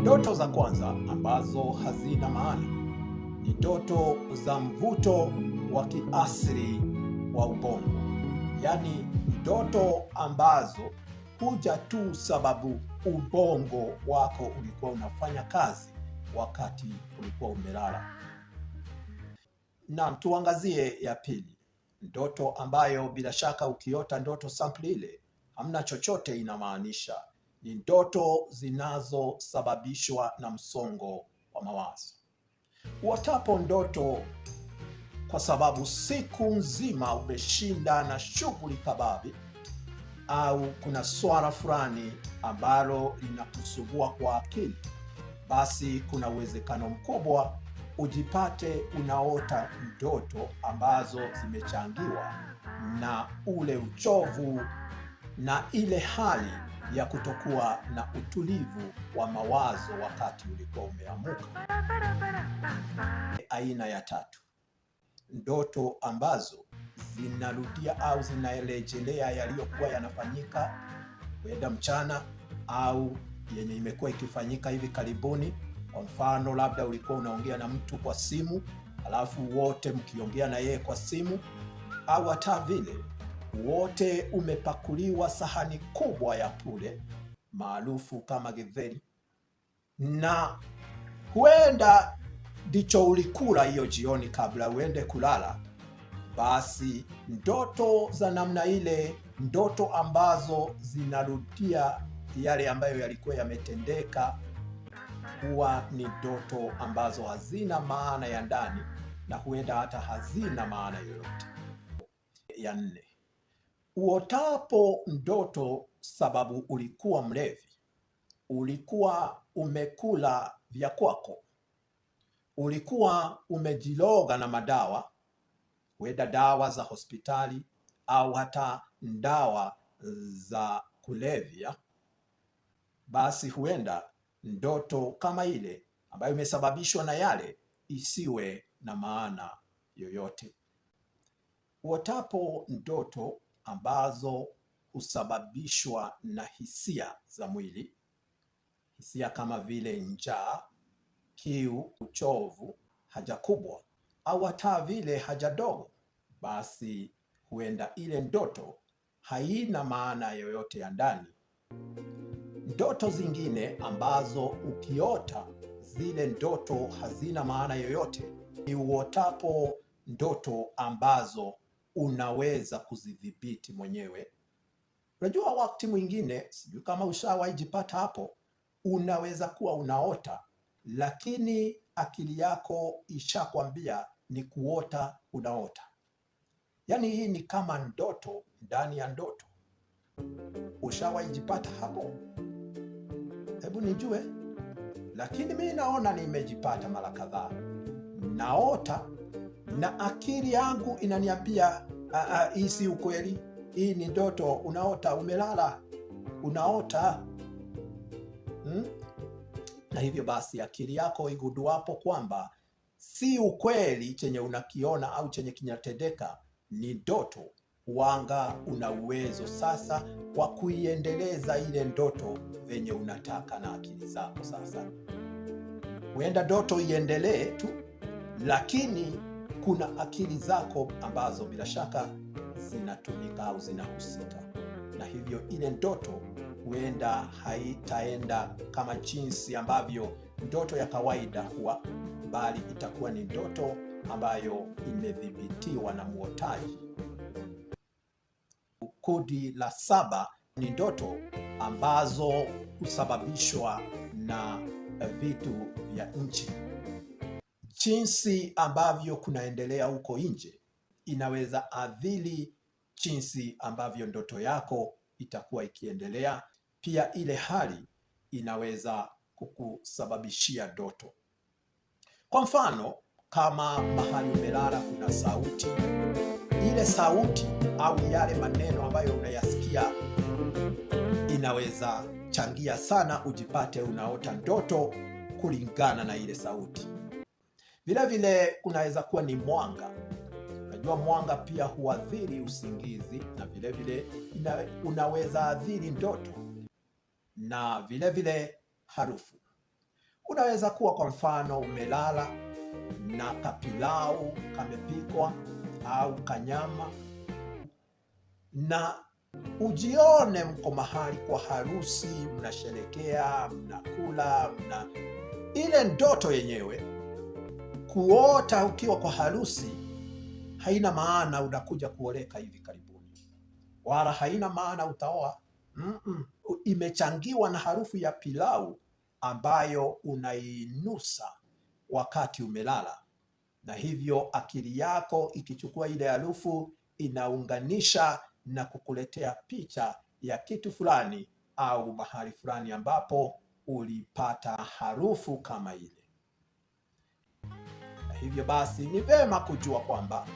Ndoto za kwanza ambazo hazina maana ni ndoto za mvuto wa kiasri wa ubongo, yaani ndoto ambazo huja tu sababu ubongo wako ulikuwa unafanya kazi wakati ulikuwa umelala. Naam, tuangazie ya pili, ndoto ambayo bila shaka ukiota ndoto sampli ile hamna chochote inamaanisha ni ndoto zinazosababishwa na msongo wa mawazo. Uotapo ndoto kwa sababu siku nzima umeshinda na shughuli kababi, au kuna swala fulani ambalo linakusumbua kwa akili, basi kuna uwezekano mkubwa ujipate unaota ndoto ambazo zimechangiwa na ule uchovu na ile hali ya kutokuwa na utulivu wa mawazo wakati ulikuwa umeamuka. Aina ya tatu, ndoto ambazo zinarudia au zinarejelea yaliyokuwa yanafanyika kwenda mchana au yenye imekuwa ikifanyika hivi karibuni. Kwa mfano, labda ulikuwa unaongea na mtu kwa simu, alafu wote mkiongea na yeye kwa simu, au hata vile wote umepakuliwa sahani kubwa ya pule maarufu kama githeri, na huenda ndicho ulikula hiyo jioni kabla uende kulala. Basi ndoto za namna ile, ndoto ambazo zinarudia yale ambayo yalikuwa yametendeka, huwa ni ndoto ambazo hazina maana ya ndani na huenda hata hazina maana yoyote. Ya nne Uotapo ndoto sababu ulikuwa mlevi, ulikuwa umekula vya kwako, ulikuwa umejiloga na madawa, weda dawa za hospitali au hata dawa za kulevya, basi huenda ndoto kama ile ambayo imesababishwa na yale isiwe na maana yoyote. Uotapo ndoto ambazo husababishwa na hisia za mwili, hisia kama vile njaa, kiu, uchovu, haja kubwa au hata vile haja dogo, basi huenda ile ndoto haina maana yoyote ya ndani. Ndoto zingine ambazo ukiota zile ndoto hazina maana yoyote ni uotapo ndoto ambazo unaweza kuzidhibiti mwenyewe. Unajua, wakati mwingine, sijui kama ushawajipata hapo, unaweza kuwa unaota, lakini akili yako ishakwambia ni kuota unaota. Yaani hii ni kama ndoto ndani ya ndoto. Ushawajipata hapo? Hebu nijue, lakini mimi naona nimejipata mara kadhaa, naota na akili yangu inaniambia ah, ah, hii si ukweli, hii ni ndoto unaota, umelala unaota hmm? Na hivyo basi akili yako iguduapo kwamba si ukweli chenye unakiona au chenye kinatendeka ni ndoto, wanga una uwezo sasa wa kuiendeleza ile ndoto venye unataka na akili zako. Sasa huenda ndoto iendelee tu, lakini kuna akili zako ambazo bila shaka zinatumika au zinahusika, na hivyo ile ndoto huenda haitaenda kama jinsi ambavyo ndoto ya kawaida huwa, bali itakuwa ni ndoto ambayo imedhibitiwa na mwotaji. Kundi la saba ni ndoto ambazo husababishwa na vitu vya nchi jinsi ambavyo kunaendelea huko nje inaweza adhili jinsi ambavyo ndoto yako itakuwa ikiendelea. Pia ile hali inaweza kukusababishia ndoto. Kwa mfano, kama mahali umelala kuna sauti, ile sauti au yale maneno ambayo unayasikia inaweza changia sana ujipate unaota ndoto kulingana na ile sauti. Vilevile kunaweza kuwa ni mwanga. Unajua, mwanga pia huathiri usingizi na vilevile vile unaweza athiri ndoto na vilevile vile harufu. Unaweza kuwa kwa mfano umelala na kapilau kamepikwa au kanyama na ujione mko mahali kwa harusi, mnasherekea, mnakula, mna ile ndoto yenyewe kuota ukiwa kwa harusi haina maana unakuja kuoleka hivi karibuni, wala haina maana utaoa mm -mm. Imechangiwa na harufu ya pilau ambayo unainusa wakati umelala, na hivyo akili yako ikichukua ile harufu inaunganisha na kukuletea picha ya kitu fulani au mahali fulani ambapo ulipata harufu kama ile. Hivyo basi ni vema kujua kwamba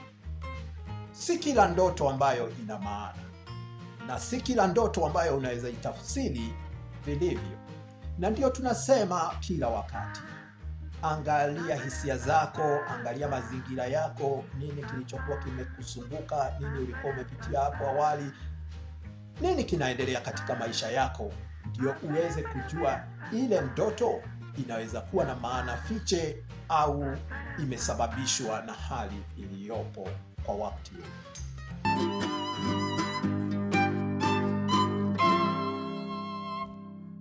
si kila ndoto ambayo ina maana na si kila ndoto ambayo unaweza itafsiri vilivyo, na ndiyo tunasema kila wakati, angalia hisia zako, angalia mazingira yako, nini kilichokuwa kimekusumbuka nini ulikuwa umepitia hapo awali, nini kinaendelea katika maisha yako, ndio uweze kujua ile ndoto inaweza kuwa na maana fiche au imesababishwa na hali iliyopo kwa wakati huu.